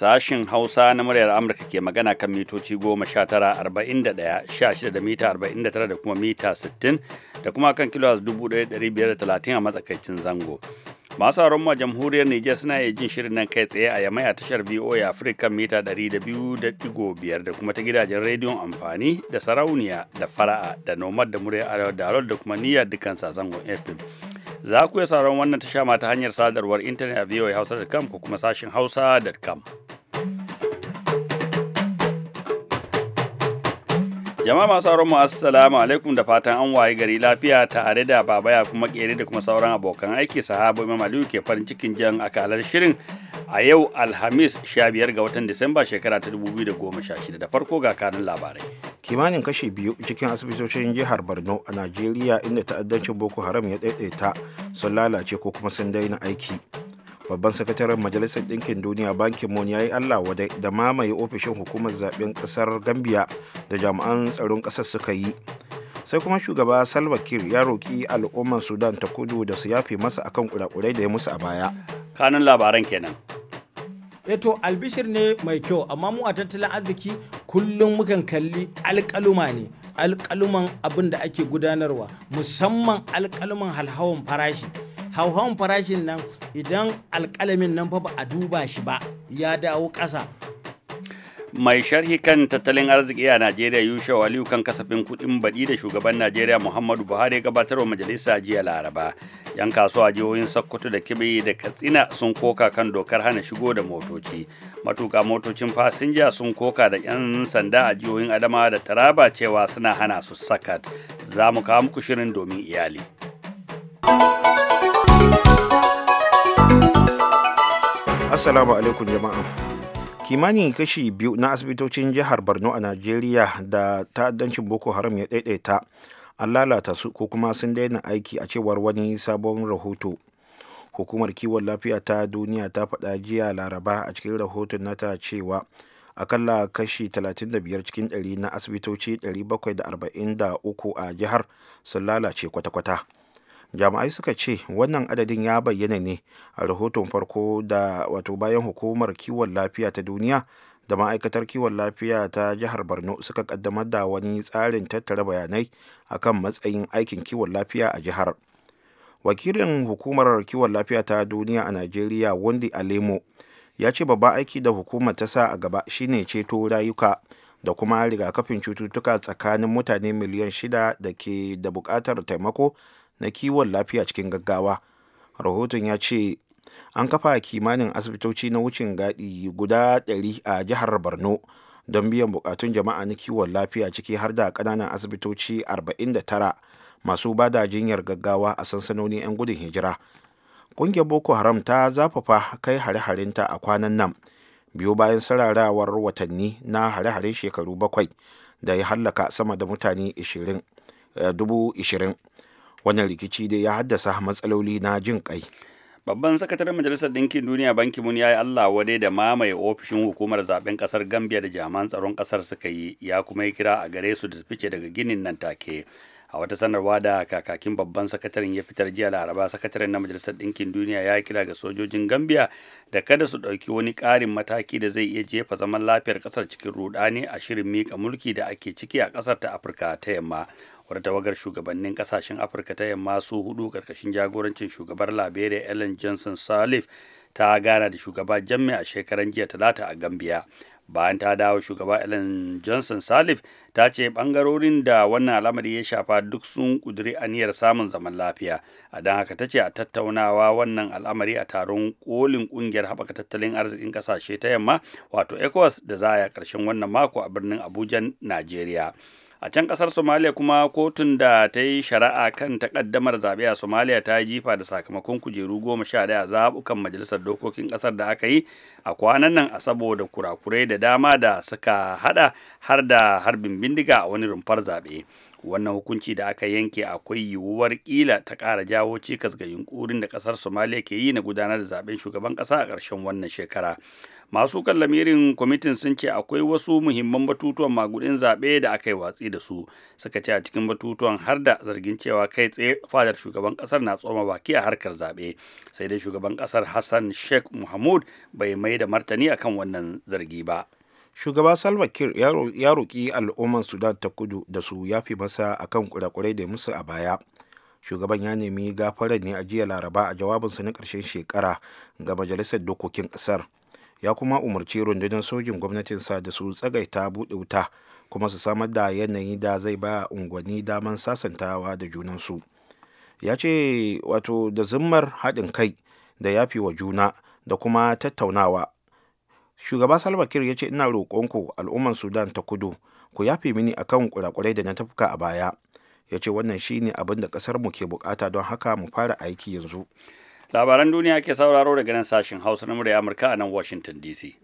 Sashin Hausa na muryar Amurka ke magana kan mitoci goma sha tara arba'in da ɗaya sha shida da mita arba'in da tara da kuma mita sittin da kuma kan kilo dubu ɗaya dari biyar da talatin a matsakaicin zango. Masu aron ma jamhuriyar Nijar suna iya jin shirin nan kai tsaye a yamai a tashar VOA Africa mita dari da biyu da ɗigo biyar da kuma ta gidajen rediyon amfani da sarauniya da fara'a da nomad da muryar arewa da da kuma niyyar dukkan zangon FM. Za ku iya sauran wannan tasha ma ta hanyar sadarwar intanet a voahausa.com ko kuma sashin hausa.com. Jama'a masu sauran mu assalamu alaikum da fatan an waye gari lafiya tare da babaya kuma kere da kuma sauran abokan aiki sahabo Imam Aliyu ke farin cikin jan akalar shirin a yau Alhamis 15 ga watan Disamba shekara ta 2016 da farko ga kanun labarai. kimanin kashi biyu cikin asibitocin jihar borno a najeriya inda ta'addancin boko haram ya ɗaiɗaita sun lalace ko kuma sun daina aiki babban sakataren majalisar ɗinkin duniya bankin mun ya yi allah wadai da mamaye ofishin hukumar zaɓen ƙasar gambia da jami'an tsaron ƙasar suka yi sai kuma shugaba salva kiir ya roƙi al'ummar sudan ta kudu da su yafe masa akan kurakurai da ya musu a baya kanun labaran kenan eto albishir ne mai kyau amma mu a tattalin arziki kullum mukan kalli alƙaluma ne alƙaluman abin da ake gudanarwa musamman alƙaluman halhawan farashi hauhawan farashin nan idan alƙalamin nan fa ba a duba shi ba ya dawo ƙasa mai sharhi kan tattalin arziki a najeriya yusha aliyu kan kasafin kuɗin baɗi da shugaban najeriya muhammadu buhari ya wa majalisa jiya laraba yan kasuwa jihohin sokoto da Kebbi da katsina sun koka kan dokar hana shigo da motoci matuka motocin fasinja sun koka da yan sanda a jihohin adamawa da taraba cewa suna hana su sakat za mu kawo muku shirin domin iyali assalamu alaikum jama'a kimanin kashi biyu na asibitocin jihar borno a najeriya da ta'addancin boko haram ya daidaita an lalata su ko kuma sun daina aiki a cewar wani sabon rahoto hukumar kiwon lafiya ta duniya ta faɗa jiya laraba a cikin rahoton nata cewa akalla kashi 35 cikin 100 na asibitoci 743 a jihar sun lalace kwata-kwata jami'ai suka ce wannan adadin ya bayyana ne a rahoton farko da wato bayan hukumar kiwon lafiya ta duniya da ma'aikatar kiwon lafiya ta jihar borno suka kaddamar da wani tsarin tattara bayanai akan matsayin aikin kiwon lafiya a jihar wakilin hukumar kiwon lafiya ta duniya a nigeria wendy alemo ya ce babban aiki da hukumar ta sa a gaba shine ceto rayuka da kuma rigakafin cututtuka tsakanin mutane miliyan shida da ke da buƙatar taimako na kiwon lafiya cikin gaggawa rahoton ya ce an kafa kimanin asibitoci na wucin gadi guda 100 a jihar borno don biyan bukatun jama'a na kiwon lafiya ciki har da kananan asibitoci 49 masu ba da jinyar gaggawa a sansanoni 'yan gudun hijira ƙungiyar boko haram ta zafafa kai hare-harenta a kwanan nan biyu bayan sararawar watanni na hare-haren shekaru bakwai da ya hallaka sama da mutane 20 wannan rikici dai ya haddasa matsaloli na jin kai babban sakataren majalisar ɗinkin duniya banki mun yayi allah wadai da mamaye ofishin hukumar zaben kasar gambia da jami'an tsaron kasar suka yi ya kuma yi kira a gare su da su fice daga ginin nan take a wata sanarwa da kakakin babban sakataren ya fitar jiya laraba sakataren na majalisar ɗinkin duniya ya kira ga sojojin gambia da kada su ɗauki wani ƙarin mataki da zai iya jefa zaman lafiyar ƙasar cikin rudani a shirin mika mulki da ake ciki a ƙasar ta afirka ta yamma wata tawagar shugabannin kasashen afirka ta yamma su hudu karkashin jagorancin shugabar liberia ellen johnson salif ta gana da shugaba jamme a shekaran jiya talata a gambia bayan ta dawo shugaba ellen johnson salif ta ce bangarorin da wannan al'amari ya shafa duk sun kuduri aniyar samun zaman lafiya a don haka ta ce a tattaunawa wannan al'amari a taron kolin kungiyar haɓaka tattalin arzikin ƙasashe ta yamma wato ecowas da za a yi a ƙarshen wannan mako a birnin abuja najeriya a can kasar somalia kuma kotun da ta yi shari'a kan takaddamar zaɓe a somalia ta yi jifa da sakamakon kujeru goma sha ɗaya zaɓukan majalisar dokokin ƙasar da aka yi a kwanan nan a saboda kurakurai da dama da suka haɗa har da harbin bindiga a wani rumfar zaɓe wannan hukunci da aka yanke akwai yiwuwar kila ta ƙara jawo cikas ga yunkurin da ƙasar somaliya ke yi na gudanar da zaben shugaban ƙasa a ƙarshen wannan shekara masu kan lamirin kwamitin sun ce akwai wasu muhimman batutuwan magudin zaɓe da aka yi watsi da su suka ce a cikin batutuwan har da zargin cewa kai tsaye fadar shugaban ƙasar na tsoma baki a harkar zaɓe sai dai shugaban ƙasar hassan sheikh muhammud bai mai da martani akan wannan zargi ba shugaba salva kiir ya roƙi al'ummar sudan ta kudu da su yafi masa akan kurakurai da musu a baya shugaban ya nemi gafarar ne a jiya laraba a jawabinsa na ƙarshen shekara ga majalisar dokokin ƙasar ya kuma umarci rundunar sojin gwamnatinsa da su tsagaita buɗe wuta kuma su samar da yanayi da zai ba unguwanni damar sasantawa da junansu ya ce wato da zimmar haɗin kai da yafi wa juna da kuma tattaunawa shugaba salva kiir ya ce ina roƙonku al'ummar sudan ta kudu ku yafe mini akan kurakurai da na tafka a baya ya ce wannan ne abin da ƙasar mu ke bukata don haka mu fara aiki yanzu labaran duniya ke sauraro daga nan sashen hausa na murya amurka a nan washington dc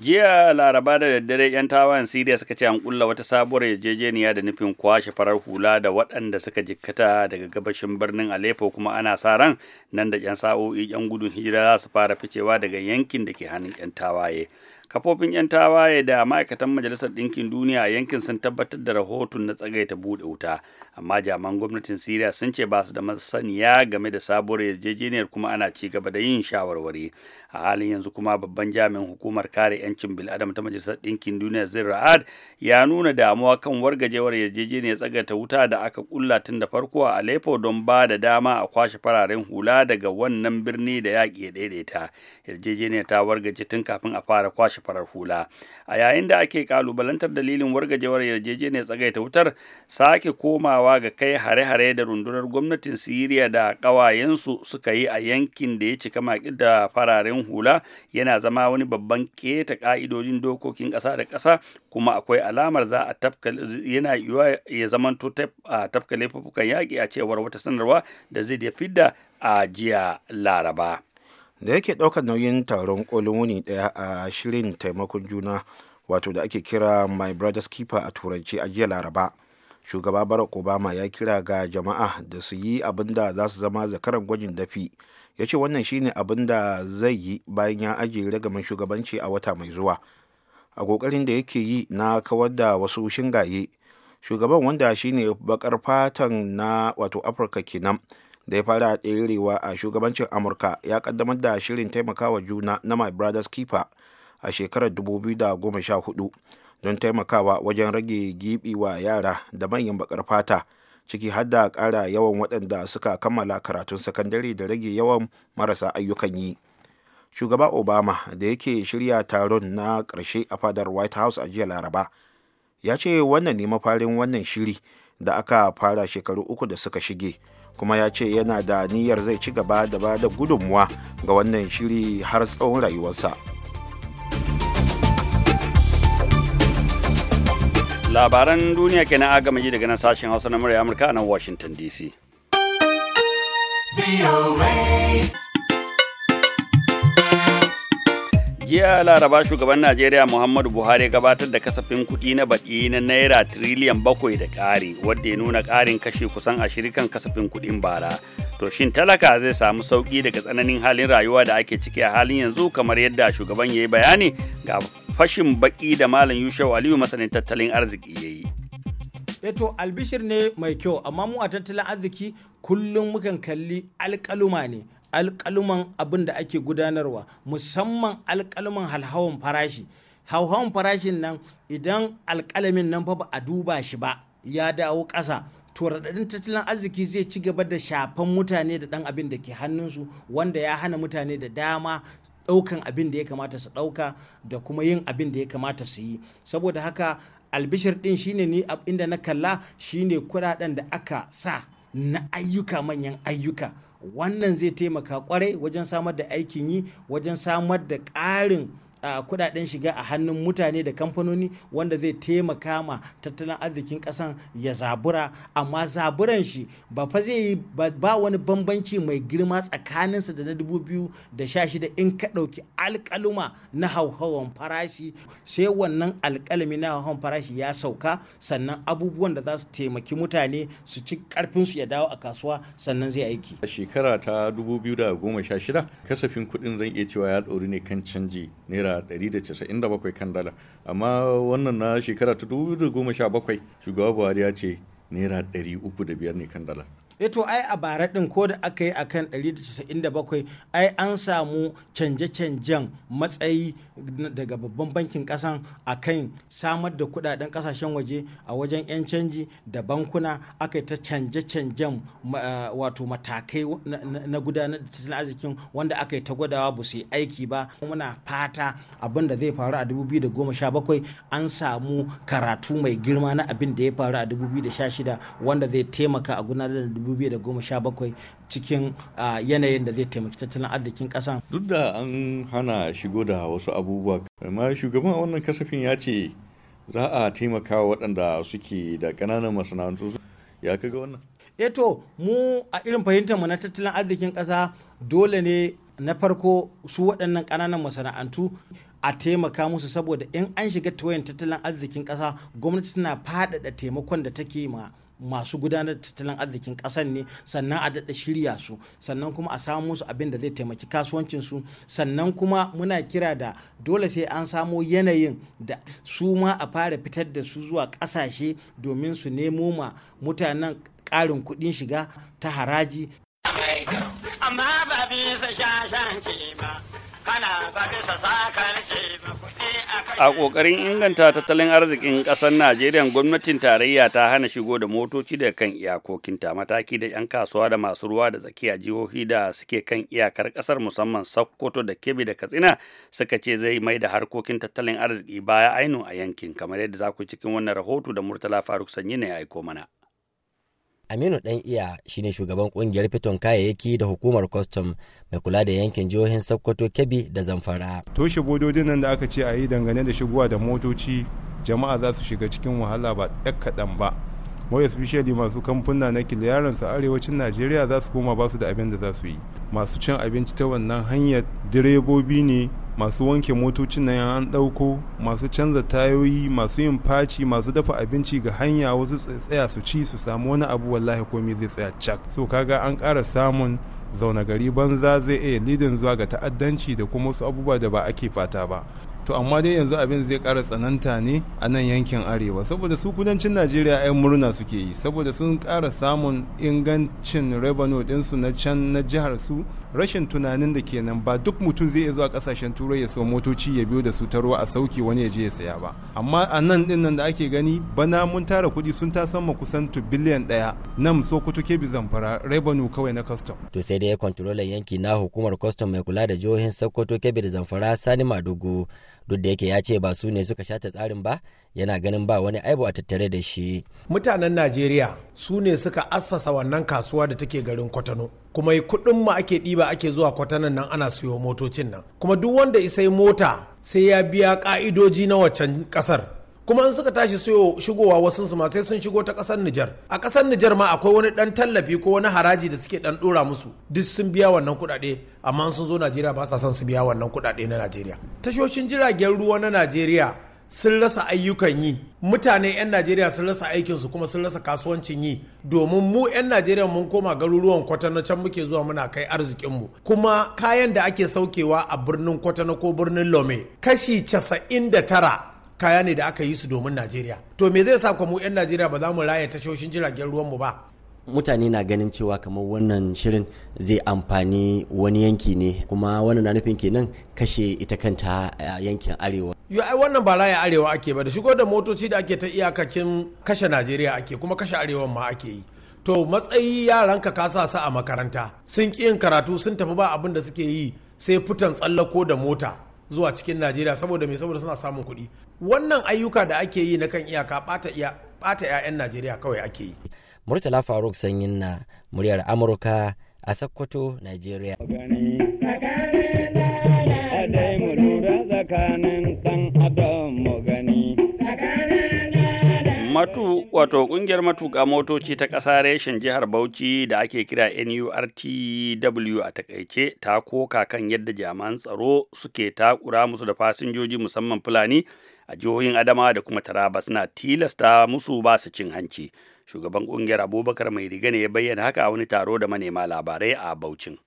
jiya laraba da daddare 'yan tawayen siriya suka ce an kulla wata sabuwar yarjejeniya da nufin kwashe farar hula da waɗanda suka jikkata daga gabashin birnin aleppo kuma ana sa ran nan da 'yan sa'o'i 'yan gudun hijira za su fara ficewa daga yankin da ke hannun 'yan tawaye kafofin 'yan tawaye da ma'aikatan majalisar ɗinkin duniya a yankin sun tabbatar da rahoton na tsagaita buɗe wuta amma jaman gwamnatin siriya sun ce ba su da masaniya game da sabuwar yarjejeniyar kuma ana ci gaba da yin shawarwari a halin yanzu kuma babban jami'in hukumar kare 'yancin bil'adam ta majalisar ɗinkin duniya zin ra'ad ya nuna damuwa kan wargajewar yarjejeniyar tsagaita wuta da aka kulla tun da farko a aleppo don ba da dama a kwashe fararen hula daga wannan birni da yaƙi ya daidaita yarjejeniyar ta wargaje tun kafin a fara kwashe farar hula a yayin da ake kalubalantar dalilin wargajewar yarjejeniyar tsagaita wutar sake komawa ga kai hare-hare da rundunar gwamnatin siriya da ƙawayensu suka yi a yankin da ya cika maƙi da fararen hula yana zama wani babban keta ƙa'idojin dokokin ƙasa da ƙasa kuma akwai alamar za a tafka yana yiwuwa ya zamanto tafka laifuffukan yaƙi a cewar wata sanarwa da zai da fidda a jiya laraba. da yake ɗaukar nauyin taron kolin wuni ɗaya a shirin taimakon juna wato da ake kira my brothers keeper a turanci a jiya laraba shugaba barack obama ya kira ga jama'a da su yi abin da za su zama zakaran gwajin dafi ya ce wannan shine abin da zai yi bayan ya ajiye ragaman shugabanci a wata mai zuwa a kokarin da yake yi na kawar da wasu shingaye shugaban wanda shine bakar fatan na wato afirka kenan da ya fara tserewa a shugabancin amurka ya kaddamar da shirin taimakawa juna na my brothers keeper a shekarar 2014 don taimakawa wajen rage gibi wa yara da manyan bakar fata ciki har da ƙara yawan waɗanda suka kammala karatun sakandare da rage yawan marasa ayyukan yi shugaba obama da yake shirya taron na ƙarshe a fadar white house a jiya laraba ya ce wannan ne mafarin wannan shiri da aka fara shekaru uku da suka shige kuma ya ce yana da niyyar zai ci gaba da ba da gudunmuwa ga wannan shiri har tsawon rayuwarsa labaran duniya kenan agama ji daga nan sashen hausa na murya amurka a nan washington dc jiya laraba shugaban najeriya muhammadu buhari gabatar da kasafin kuɗi na baɗi na naira tiriliyan bakwai da ƙari wadda ya nuna ƙarin kashe kusan ashirin kan kasafin kuɗin bara to shin talaka zai samu sauƙi daga tsananin halin rayuwa da ake ciki a halin yanzu kamar yadda shugaban ya yi bayani ga fashin baƙi da malam yushau aliyu masanin tattalin arziki ya yi eto albishir ne mai kyau amma mu a tattalin arziki kullum mukan kalli alƙaluma ne alƙaluman abin da ake gudanarwa musamman alƙaluman halhawan farashi hauhawan farashin nan idan alƙalamin nan fa ba a duba shi ba ya dawo ƙasa to raɗaɗin tattalin arziki zai ci gaba da shafan mutane da ɗan abin da ke hannunsu wanda ya hana mutane da dama ɗaukan abin da ya kamata su ɗauka da kuma yin abin da ya kamata su yi saboda haka albishir ɗin shine ni inda na kalla shine kuɗaɗen da aka sa na ayyuka manyan ayyuka wannan zai taimaka kwarai wajen samar da aikin yi wajen samar da ƙarin kudaden shiga a hannun mutane da kamfanoni wanda zai taimaka ma tattalin arzikin kasan ya zabura amma zaburan shi ba fa zai yi ba wani bambanci mai girma tsakaninsa da na 2016 in ka ɗauki alkaluma na hauhawan farashi sai wannan alkalami na hauhawan farashi ya sauka sannan abubuwan da za su taimaki mutane su ci karfin su ya dawo a kasuwa sannan zai aiki a shekara ta 2016 kasafin kuɗin zan iya cewa ya ɗori ne kan canji naira naira 197 kan dala amma wannan na shekara ta 2017 shugaba buhari ya ce naira biyar ne kan dala Eh to ai a bara din ko da aka yi akan 197 ai an samu canje-canjen matsayi daga babban bankin kasan akan samar da kudaden kasashen waje a wajen 'yan canji da bankuna aka yi ta canje-canjen eh, wato matakai na gudanar da tattalin arzikin wanda aka yi ta gwadawa ba su yi aiki ba muna fata abin da zai faru a 2017 an samu karatu mai girma na abin da ya faru a 2016 wanda zai taimaka a gudanar da 2017 cikin yanayin da zai taimaki tattalin arzikin kasa Duk da an hana shigo da wasu abubuwa, amma shugaban wannan kasafin ya ce za a taimaka waɗanda suke da ƙananan masana'antu ya kaga wannan. Eto eh mu a irin fahimtar mu na tattalin arzikin ƙasa dole ne na farko su waɗannan ƙananan masana'antu a taimaka musu saboda in an shiga tawayan tattalin arzikin ƙasa gwamnati tana faɗaɗa taimakon da take ma masu gudanar da tattalin arzikin ƙasar ne sannan a daɗa shirya su sannan kuma a samu su abin da zai taimaki kasuwancin su sannan kuma muna kira da dole sai an samo yanayin da su ma a fara fitar da su zuwa ƙasashe domin su nemo ma mutanen karin kuɗin shiga ta haraji. Amma ba bisa shashanci ba. A ƙoƙarin inganta tattalin arzikin ƙasar Najeriya, gwamnatin tarayya ta hana shigo da motoci da kan iyakokinta mataki da 'yan kasuwa da masu ruwa da tsakiya jihohi da suke kan iyakar ƙasar musamman Sakkoto da Kebbi da Katsina suka ce zai mai da harkokin tattalin arziki baya ainu a yankin kamar yadda za ku cikin wannan rahoto da Murtala Faruk Sanyi ne ya aiko mana. aminu dan iya shine shugaban kungiyar fiton kayayyaki da hukumar kwastam mai kula da yankin jihohin sokoto kebbi da zamfara toshe bododin nan da aka ce a yi dangane da shigowa da motoci jama'a za su shiga cikin wahala ba ɗan kaɗan ba wai especially masu kamfuna na kiliyaran su arewacin najeriya za su koma ba su da abin da za su yi masu cin abinci ta wannan hanyar direbobi ne masu wanke motocin nan an ɗauko masu canza tayoyi masu yin faci masu dafa abinci ga hanya wasu tsaya su ci su samu wani abu wallahi komai zai tsaya cak so kaga an kara samun zaune gari banza zai iya lidin zuwa ga ta'addanci da kuma wasu abubuwa da ba ake fata ba to amma dai yanzu abin zai kara tsananta ne a nan yankin arewa saboda su kudancin najeriya 'yan murna suke yi saboda sun kara samun ingancin revenue dinsu na can na jihar su rashin tunanin da kenan ba duk mutum zai iya zuwa kasashen turai ya so motoci ya biyo da su ta ruwa a sauki wani ya je ya saya ba amma a nan dinnan nan da ake gani bana mun tara kuɗi sun ta sama kusan tu biliyan daya nan so sokoto bi zamfara revenue kawai na custom to sai dai kwantarolan yanki na hukumar custom mai kula da jihohin sokoto kebbi da zamfara sani madugu duk da yake ya ce ba su ne suka shata tsarin ba yana ganin ba wani aibu a tattare da shi mutanen najeriya su ne suka assasa wannan kasuwa da take garin kwatano kuma kuɗin mu ake ɗiba ake zuwa kwatanan nan ana siyo motocin nan kuma duk wanda isai mota sai ya biya ka'idoji na waccan kasar. kuma in suka tashi shigowa wasu su ma sai sun shigo ta kasar Nijar a kasar Nijar ma akwai wani dan tallafi ko wani haraji da suke dan dora musu duk sun biya wannan kuɗaɗe amma sun zo Najeriya ba sa son su biya wannan kuɗaɗe na Najeriya tashoshin jiragen ruwa na Najeriya sun rasa ayyukan yi mutane 'yan najeriya sun rasa aikin su kuma sun rasa kasuwancin yi domin mu 'yan najeriya mun koma garuruwan kwatano can muke zuwa muna kai arzikinmu kuma kayan da ake saukewa a birnin kwatano ko birnin lome kashi 99 kaya ne da aka yi su domin najeriya to me zai sa mu 'yan najeriya ba za mu raya tashoshin jiragen ruwanmu ba mutane na ganin cewa kamar wannan shirin zai amfani wani yanki ne kuma wannan na nufin kenan kashe ita kanta eh, yankin arewa yo ai wannan ba raya arewa ake ba da shigo da motoci da ake ta iyakakin kashe najeriya ake kuma kashe arewa ma ake yi to matsayi yaranka ka sa a makaranta sun ƙi yin karatu sun tafi ba abin da suke yi sai fitan tsallako da mota zuwa cikin najeriya saboda mai saboda suna samun kuɗi wannan ayyuka da ake yi na kan iyaka ɓata 'ya'yan najeriya kawai ake yi murtala faruk sanyin na muryar amurka a sakkwato najeriya matu wato kungiyar matuka motoci ta ƙasa reshen jihar Bauchi da ake kira NURTW a takaice ta koka kan yadda jami'an tsaro suke takura musu da fasinjoji musamman Fulani a jihohin Adama da kuma Taraba suna tilasta musu ba su cin hanci. Shugaban kungiyar Abubakar Mai Riga ne ya bayyana haka a wani taro da manema labarai a Bauchin.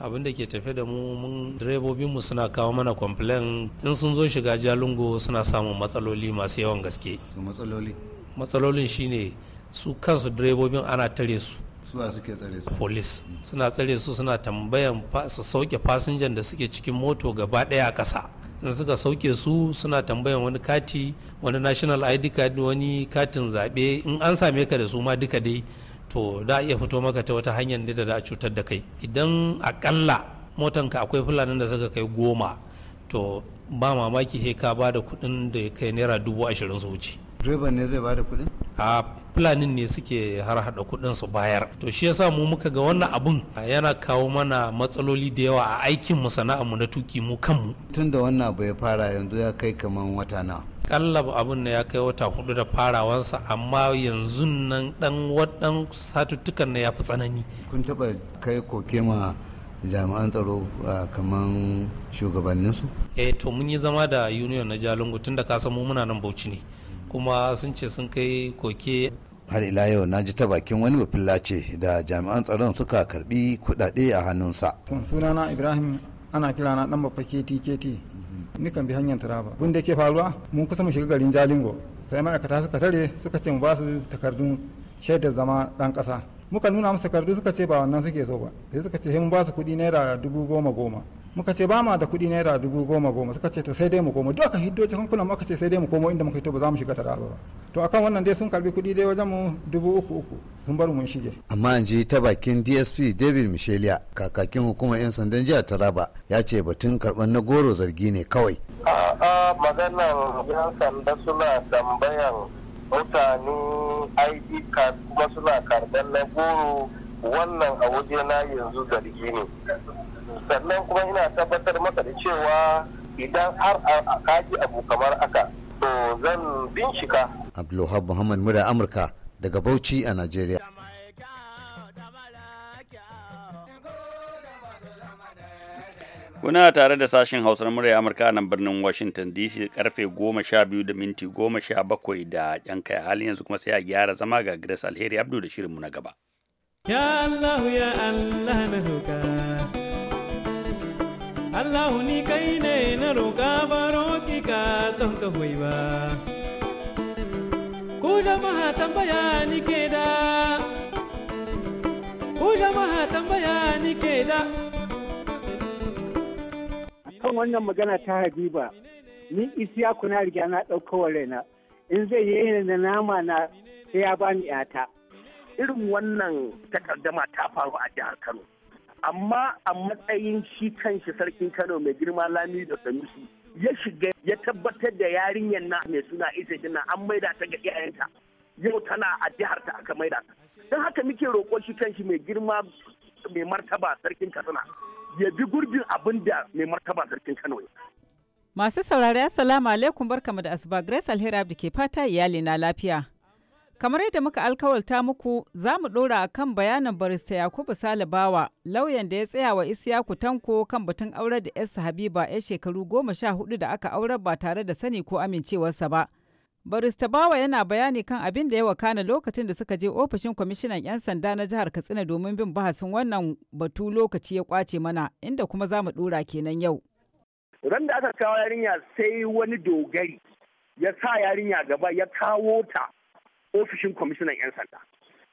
abin da ke tafe da mu mun direbobinmu suna kawo mana complain in sun zo shiga jalingo suna samun matsaloli masu yawan gaske matsaloli matsalolin shine su kansu direbobin ana tare su suwa suke tsare su police suna tsare su suna tambayan su sauke fasinjan da suke cikin moto gaba daya a kasa in suka sauke su suna tambayan wani kati wani national id card wani katin zaɓe in an same ka da su ma duka dai to da iya fito maka ta wata hanyar da da cutar da kai idan akalla motanka akwai fulanin da suka kai goma to ba mamaki he ka ba da kuɗin da ya kai naira dubu ashirin su wuce direban ne zai bada da kuɗin a planin ne suke har hada kuɗin su bayar to shi yasa mu muka ga wannan abun yana kawo mana matsaloli da yawa a aikin mu sana'armu na tuki mu kanmu tun da wannan abu ya fara yanzu ya kai kaman wata nawa kalla abun ne ya kai wata hudu da farawansa amma yanzu nan dan wadan satuttukan na ya fi tsanani kun taba kai koke ma jami'an tsaro kaman shugabanninsu eh to mun yi zama da union na jalungu tunda da kasa mu muna nan bauchi ne kuma sun ce sun kai koke har ila yau na ji ta bakin wani ce da jami'an tsaron suka karbi kudade a hannunsa sunana ibrahim ana kira na dan bafa keti nikan bi hanyar taraba wanda da ke faruwa mun kusa mu shiga garin jalingo sai ma'aikata suka tare suka ce mu ba su takardun shaidar zama dan kasa muka nuna musu takardu suka ce ba wannan suke so ba sai suka ce mun ba su kuɗi naira dubu goma goma muka ce ba ma da kuɗi naira dubu goma goma suka ce to sai dai mu komo duka hiddo cikin kuna muka ce sai dai mu koma inda muka yi to ba za mu shiga tara ba to akan wannan dai sun karbi kuɗi dai wajen mu dubu uku uku sun bar mun shige amma an ji ta bakin DSP David Michelia kakakin hukumar yan sandan jihar Taraba ya ce batun karban na goro zargi ne kawai a'a maganan yan sanda suna tambayan mutane ID card kuma suna karban na goro wannan a waje na yanzu zargi ne sannan kuma ina tabbatar maka da cewa idan har a kaji abu kamar aka to zan bincika abdulhab muhammad mura amurka daga bauchi a nigeria Kuna tare da sashen Hausar murya Amurka nan birnin Washington DC karfe 12 da minti 17 da yan kai halin yanzu kuma sai a gyara zama ga Grace Alheri Abdu da shirinmu na gaba. Ya Allah ya Allah na roƙa Allah ni kai ne na roƙa baro ki ka don ka hoyi ba Ku ke da ke da Kan wannan magana ta Habiba ni isiya na riga na ɗaukowar raina in zai yi da nama na sai ya bani 'yata. irin wannan takardama ta faru a jihar kano amma a matsayin shi kanshi sarkin kano mai girma lami da sanusi ya shiga ya tabbatar da yarinyar na mai suna isa shi an maida ta ga iyayenta yau tana a jihar ta aka maida ta don haka muke roƙo shi kanshi mai girma mai martaba sarkin katsina ya bi gurbin abin da mai martaba sarkin kano ya masu saurari assalamu alaikum barkamu da asuba grace alheri abdi ke fata iyali na lafiya Kamar yadda muka alkawalta muku za mu ɗora kan bayanin barista Yakubu Salibawa lauyan da ya tsaya wa Isiyaku Tanko kan batun aure da yasa Habiba ya shekaru goma sha hudu da aka aurar ba tare da sani ko amincewarsa ba. Barista Bawa yana bayani kan abin da ya wakana lokacin da suka je ofishin kwamishinan 'yan sanda na jihar Katsina domin bin bahasin wannan batu lokaci ya kwace mana inda kuma za mu ɗora kenan yau. Ran da aka kawo yarinya sai wani dogari ya sa yarinya gaba ya kawo ta ofishin kwamishinan 'yan sanda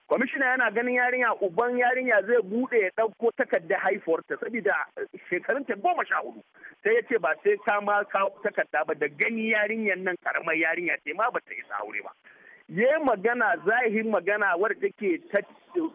kwamishina yana ganin yarinya uban yarinya zai bude ya ɗauko takardar haifuwarta saboda ta goma sha hudu sai ya ce ba sai ka ma kawo takarda ba da gani yarinyar nan karamar yarinya ce ma ba ta isa aure ba ya magana zahirin magana wadda take ta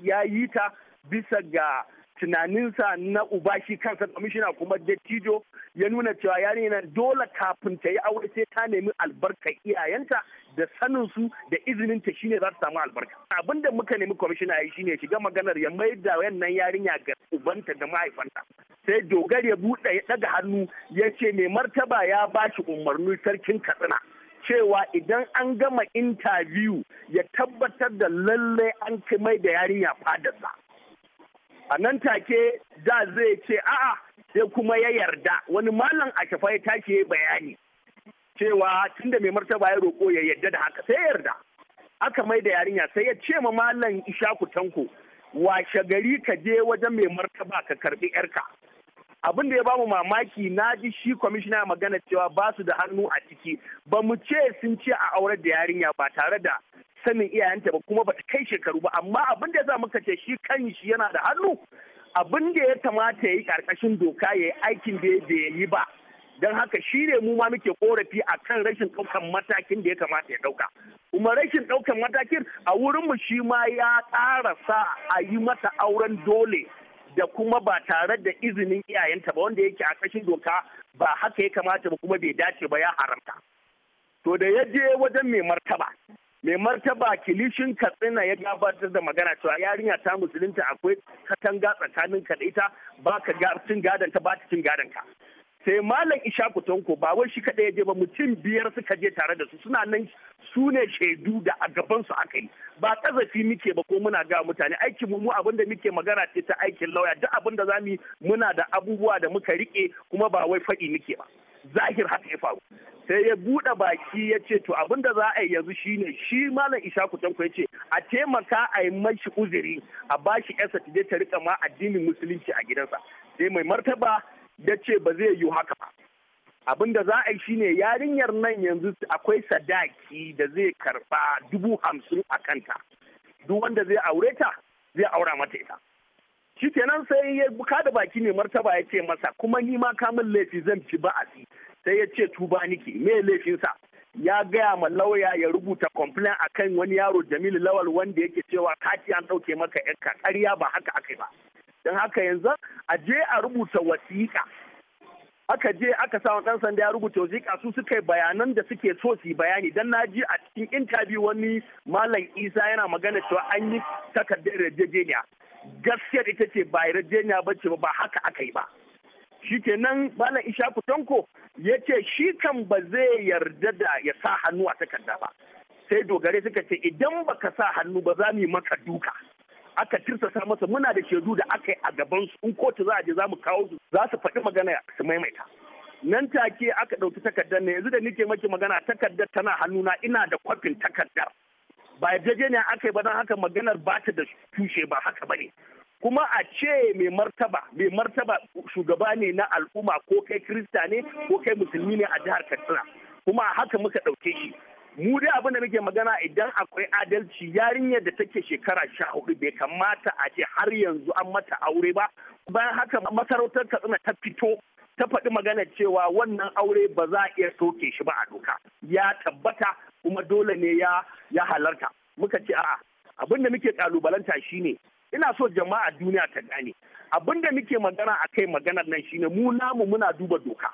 yayi ta bisa ga tunaninsa na uba shi kansa kwamishina kuma dattijo ya nuna cewa yarinya dole kafin ta yi aure sai ta nemi albarkar iyayenta da sanin su da izinin ta shine za su samu albarka abin da muka nemi kwamishina yi shine shiga maganar ya mai da wannan yarinya ga ubanta da mahaifanta sai dogar ya buɗe ya ɗaga hannu ya ce mai martaba ya ba shi umarni sarkin katsina cewa idan an gama intabiyu ya tabbatar da lallai an kai mai da yarinya fadarsa a nan take da zai ce a'a sai kuma ya yarda wani malam a shafa ya tashi ya bayani cewa tun da mai martaba ya roƙo ya yadda da haka sai yarda aka mai da yarinya sai ya ce ma malam ishaku tanko washe gari ka je wajen mai martaba ka karbi yarka abin da ya bamu mamaki na ji shi kwamishina magana cewa ba su da hannu a ciki ba mu ce sun ce a aurar da yarinya ba tare da sanin iyayenta ba kuma ba ta kai shekaru ba amma abin da ya za muka ce shi kan shi yana da hannu abin da ya kamata ya yi karkashin doka ya yi aikin da ya yi ba don haka shi ne mu ma muke korafi a kan rashin ɗaukan matakin da ya kamata ya ɗauka kuma rashin ɗaukan matakin a wurinmu shi ma ya ƙara sa a yi mata auren dole da kuma ba tare da izinin iyayenta ba wanda yake a ƙashin doka ba haka ya kamata ba kuma bai dace ba ya haramta to da ya je wajen mai martaba mai martaba kilishin katsina ya gabatar da magana cewa yarinya ta musulunta akwai katanga tsakanin ka da ita ba ka cin gadon ba ta cin gadon ka sai malam ishaku tanko ba wai shi kaɗai ya je ba mutum biyar suka je tare da su suna nan su ne shaidu da a gaban aka yi ba kazafi muke ba ko muna ga mutane aikin mu abin da muke magana ce ta aikin lauya duk abin da zamu muna da abubuwa da muka rike kuma ba wai faɗi muke ba zahir haka ya faru sai ya buɗe baki ya ce to abin da za a yi yanzu shine shi malam ishaku tanko ya ce a taimaka a yi mashi uzuri a bashi yarsa ta je ta rika ma addinin musulunci a gidansa sai mai martaba ya ce ba zai yi haka ba abin da za a yi shine yarinyar nan yanzu akwai sadaki da zai karba dubu hamsin a kanta duk wanda zai aure ta zai aura mata ita shi kenan sai ya buka da baki ne martaba ya ce masa kuma ni ma kamun laifi zan ci ba'asi sai ya ce tuba niki me laifinsa ya gaya ma lauya ya rubuta complain akan wani yaro jamilu lawal wanda yake cewa kati an ɗauke maka yanka ƙarya ba haka aka ba don haka yanzu a je a rubuta wasiƙa aka je aka sa ɗan sanda ya rubuta wasiƙa su suka yi bayanan da suke so su bayani dan na ji a cikin intabi wani malam isa yana magana cewa an yi takardar yarjejeniya gaskiyar ita ce ba yarjejeniya ba ce ba haka aka yi ba Shi nan, malam ishaku tanko ya ce shi kan ba zai yarda da ya sa hannu a takarda ba sai dogare suka ce idan baka sa hannu ba za mu yi maka duka aka tirsasa masa muna da shaidu da aka yi a gabansu. in kotu za a je za mu kawo su za su faɗi magana su maimaita nan take aka ɗauki takardar ne yanzu da nike maki magana takardar tana hannuna ina da kwafin takardar ba ne aka yi ba don haka maganar ba ta da tushe ba haka ba ne kuma a ce mai martaba mai martaba shugaba ne na al'umma ko kai Kirista ne ko kai musulmi ne a jihar katsina kuma haka muka ɗauke shi mu dai abin da muke magana idan akwai adalci yarinyar da take shekara sha hudu bai kamata a ce har yanzu an mata aure ba bayan haka masarautar katsina ta fito ta faɗi magana cewa wannan aure ba za a iya soke shi ba a doka ya tabbata kuma dole ne ya ya halarta muka ce a'a abin da muke kalubalanta shine ina so jama'a duniya ta gane abin da muke magana a kai maganar nan shine mu namu muna duba doka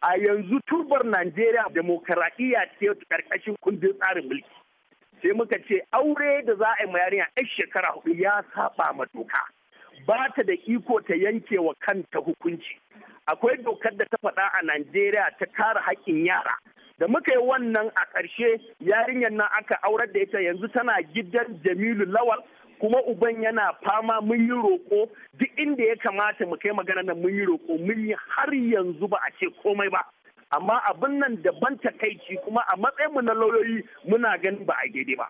a yanzu turbar Najeriya demokaradiyya ce ƙarƙashin kundin tsarin mulki. Sai muka ce aure da za a yi ma yarinya 'yar shekara hudu ya saɓa ma doka. Ba ta da iko ta yanke wa kanta hukunci. Akwai dokar da ta faɗa a Najeriya ta kare haƙƙin yara. Da muka yi wannan a ƙarshe yarinyar nan aka aurar da ita yanzu tana gidan Jamilu Lawal kuma uban yana fama mun yi roƙo duk inda ya kamata mu kai magana nan mun yi roƙo mun yi har yanzu ba a ce komai ba amma abin nan ban takaici kuma a matsayin mu na lauyoyi muna ganin ba a daidai ba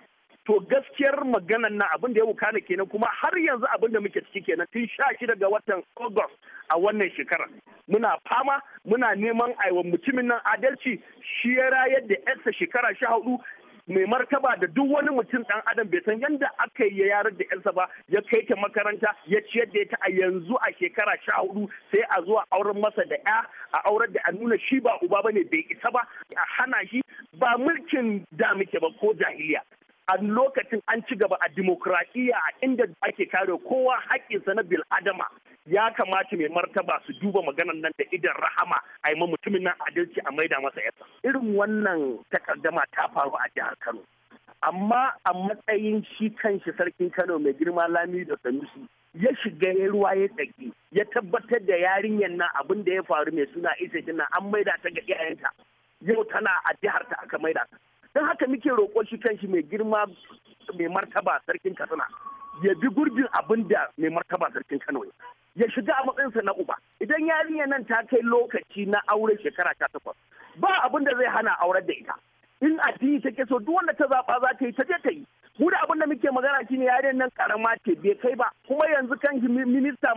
to gaskiyar maganan na abin da ya wukana kenan kuma har yanzu abin da muke ciki kenan tun sha shida ga watan august a wannan shekarar muna fama muna neman aiwa mutumin nan adalci shi ya rayar da yarsa shekara sha hudu mai martaba da duk wani mutum ɗan adam bai san yadda aka yi ya yarar da yansa ba ya kai ta makaranta ya ciyar da ita a yanzu a shekara sha hudu sai a zuwa auren masa da ya a auren da a nuna shi ba uba ne bai isa ba a hana shi ba mulkin da muke ba ko jahiliya a lokacin an ci gaba a dimokuraɗiyya a inda ake kare kowa haƙƙinsa na bil'adama ya kamata mai martaba su duba maganan nan da idan rahama a yi ma mutumin nan adalci a maida masa yasa irin wannan takardama ta faru a jihar kano amma a matsayin shi kanshi sarkin kano mai girma lami da sanusi ya shiga ya ruwa ya tsaki ya tabbatar da yarinyar nan abin da ya faru mai suna isa kina an maida ta ga iyayenta yau tana a jihar ta aka maida ta don haka muke roƙo shi kanshi mai girma mai martaba sarkin katsina ya bi gurbin abin da mai martaba sarkin kano ya ya shiga a matsayinsa na uba idan yarinya nan ta kai lokaci na aure shekara ta takwas ba abin da zai hana aurar da ita in addini take so duk wanda ta zaɓa za ta yi ta je ta yi mu da abin da muke magana shine yaren nan karama ce bai kai ba kuma yanzu kan minista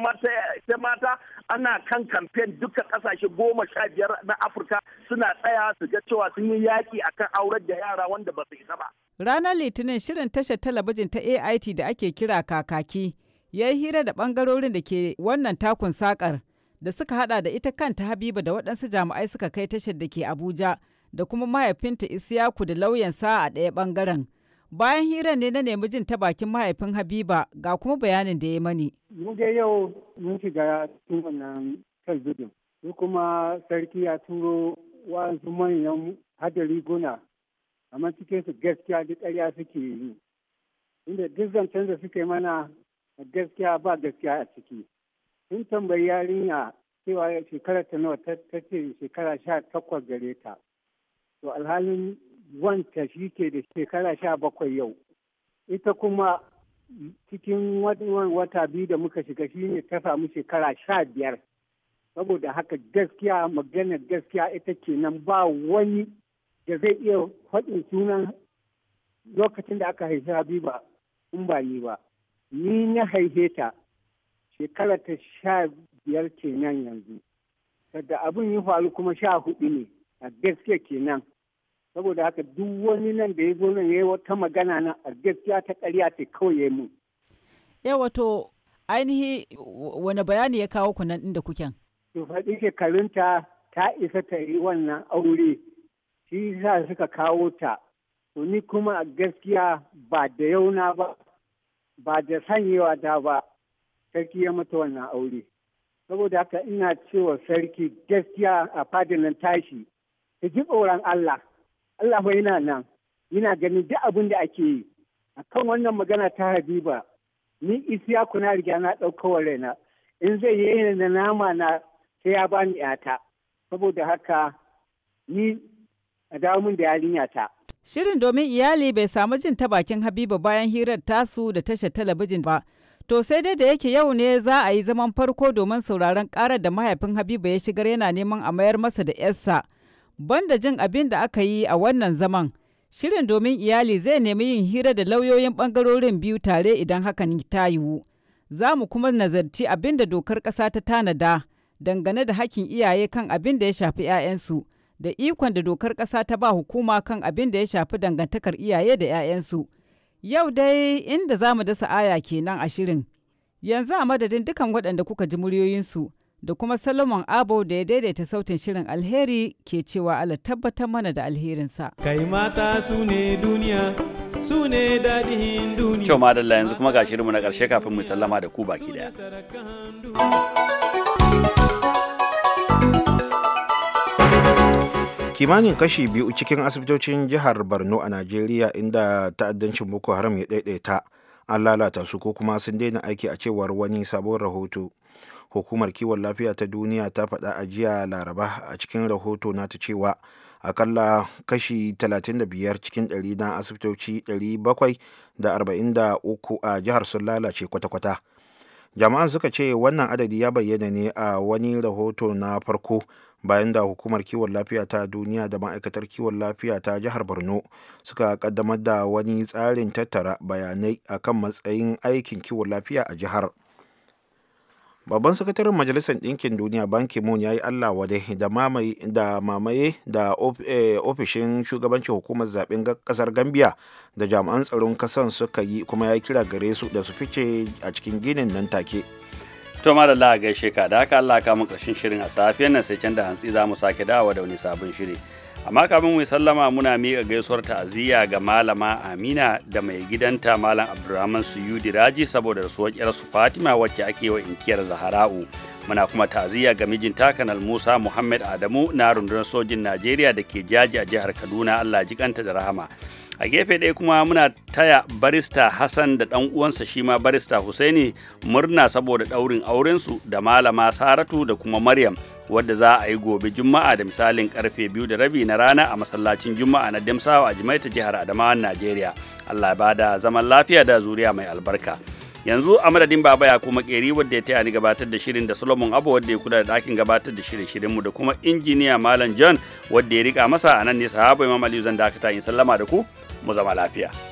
ta mata ana kan kamfen duka kasashe goma sha biyar na afirka suna tsaya su ga cewa sun yi yaƙi akan aurar da yara wanda ba su isa ba ranar litinin shirin tashar talabijin ta ait da ake kira kakaki ya yi hira da bangarorin da ke wannan takun sakar da suka hada da ita kanta habiba da waɗansu jami'ai suka kai tashar da ke abuja da kuma mahaifinta isiyaku da lauyan sa a ɗaya bangaren bayan hiran ne na nemi jin ta bakin mahaifin habiba ga kuma bayanin da ya mani yau mun shiga cikin wannan talbijin su kuma sarki ya turo wa'ansu manyan hadari guna amma cikin su gaskiya duk ƙarya suke yi inda duk zancen da suke mana a gaskiya ba gaskiya a ciki sun tambayi yarinya cewa shekara ta nawa ta ce shekara sha takwas gare ta to alhalin wanta shi ke da shekara sha bakwai yau ita kuma cikin wata biyu da muka shiga shi ne ta samu shekara sha biyar saboda haka gaskiya maganar gaskiya ita kenan ba wani da zai iya faɗin sunan lokacin da aka haifi habiba in ba ni ba ni na haife ta shekara ta sha biyar kenan yanzu sadda abin ya faru kuma sha hudu ne a gaskiya kenan saboda haka duk wani nan da ya zo nan ya yi wata magana nan a gaskiya ta karya ce kawai ya mu. ya wato ainihi wani bayani ya kawo ku nan inda kuken? To faɗi shekarunta ta isa ta yi wannan aure shi sa suka kawo ta to ni kuma a gaskiya ba da yau na ba ba da sanyewa ta ba sarki ya mutu wannan aure saboda haka ina cewa sarki gaskiya a fadilin tashi ta ji tsoron Allah Allah ba yana nan yana ganin duk abin da ake yi akan wannan magana ta Habiba ni isiya kuna riga na ɗaukawa raina in zai yi na nama na sai ya bani yata saboda haka ni a dawo min da yarinya ta Shirin domin iyali bai samu jin ta bakin Habiba bayan hirar tasu da tashar talabijin ba. To sai dai da yake yau ne za a yi zaman farko domin sauraron karar da mahaifin Habiba ya shigar yana neman a mayar masa da ‘yarsa. Banda jin abin da aka yi a wannan zaman, shirin domin iyali zai nemi yin hira da lauyoyin bangarorin biyu tare idan hakan ta yiwu. Za mu kuma nazarci abin da dokar ƙasa ta tanada dangane da hakkin iyaye kan abin da ya shafi ‘ya'yansu. da ikon da dokar ƙasa ta ba hukuma kan abin da ya shafi dangantakar iyaye da 'ya'yansu. Yau dai inda za mu dasa aya kenan a shirin. Yanzu a madadin dukan waɗanda kuka ji muryoyinsu da kuma salomon Abo da ya daidaita sautin shirin alheri ke cewa Allah tabbatar mana da alherinsa. Kai mata su ne duniya, su ne daɗin duniya. Cewa madalla yanzu kuma ga shirinmu na ƙarshe kafin mu sallama da ku baki ɗaya. kimanin kashi biyu cikin asibitocin jihar borno a najeriya inda ta'addancin boko haram ya daidaita an lalata su ko kuma sun daina aiki a cewar wani sabon rahoto hukumar kiwon lafiya ta duniya ta faɗa a jiya laraba a cikin rahoto na ta cewa akalla kashi 35 cikin 100 na asibitoci 743 a jihar sun lalace kwata-kwata jama'an suka ce wannan adadi ya bayyana ne a wani rahoto na farko bayan da hukumar kiwon lafiya ta duniya da ma'aikatar kiwon lafiya ta jihar borno suka kaddamar da wani tsarin tattara bayanai akan matsayin aikin kiwon lafiya a jihar babban sakataren majalisar ɗinkin duniya ban moon ya yi allah wade da mamaye da, mamaye da eh, ofishin shugabancin hukumar zaben kasar gambia da jami'an tsaron kasan suka yi kuma ya kira gare su da su fice a cikin ginin nan take to ma da Allah gaishe ka da haka Allah ka mu karshen shirin a safiyar nan sai can da hantsi za mu sake dawo da wani sabon shiri amma kafin mu sallama muna miƙa gaisuwar ta'aziyya ga malama Amina da mai gidanta malam Abdulrahman Suyudi Raji saboda rasuwar su Fatima wacce ake wa inkiyar zahra'u muna kuma ta'aziyya ga mijin takanal Musa Muhammad Adamu na rundunar sojin Najeriya da ke jaji a jihar Kaduna Allah ji kanta da rahama a gefe ɗaya kuma muna taya barista hassan da ɗan uwansa shi ma barista husaini murna saboda ɗaurin aurensu da malama saratu da kuma maryam wadda za a yi gobe juma'a da misalin karfe biyu da rabi na rana a masallacin juma'a na demsawa a jimaita jihar adamawan najeriya allah ba da zaman lafiya da zuriya mai albarka yanzu a madadin baba ya kuma keri wadda ya taya ni gabatar da shirin da solomon abu wadda ya kula da ɗakin gabatar da shirin shirinmu da kuma injiniya malam john wadda ya rika masa a nan ne sahaba imam aliyu zan dakata in sallama da ku mu zama lafiya.